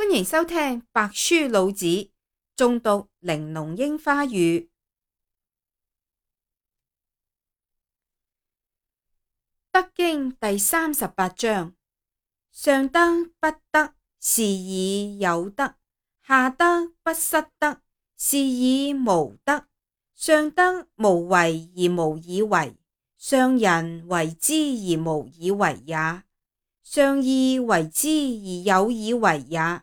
歡迎收聽《帛書老子》，誦讀《玲瓏櫻花語》《德經》第三十八章：上德不德，是以有德；下德不失德，是以無德。上德無為而無以為，上仁為之而無以為也；上義為之而有以為也。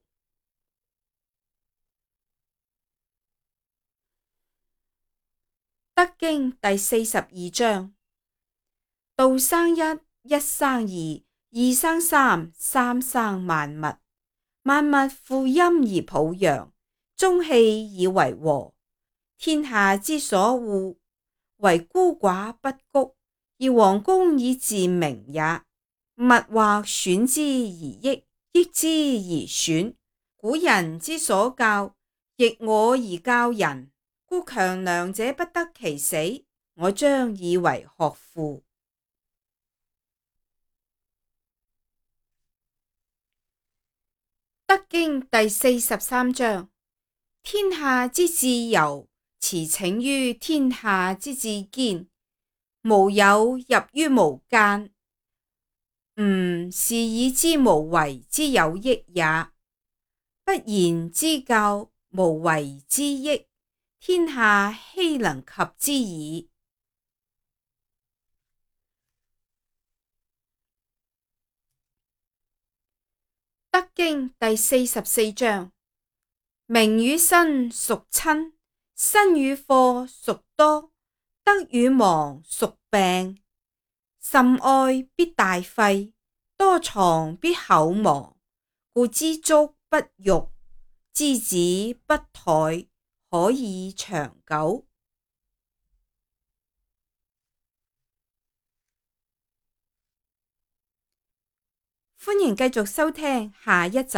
《德經》第四十二章：道生一，一生二，二生三，三生萬物。萬物負陰而抱陽，中氣以為和。天下之所惡，為孤寡不谷，而王公以自名也。物或損之而益，益之而損。古人之所教，亦我而教人。故強良者不得其死。我將以為學父。《德經》第四十三章：天下之至柔，馳騁於天下之至堅。無有入於無間。吾、嗯、是以知無為之有益也。不言之教，無為之益。天下希能及之矣。《德經》第四十四章：名與身孰親？身與貨孰多？得與亡孰病？甚愛必大費，多藏必厚亡。故知足不辱，知止不殆。可以長久。歡迎繼續收聽下一集。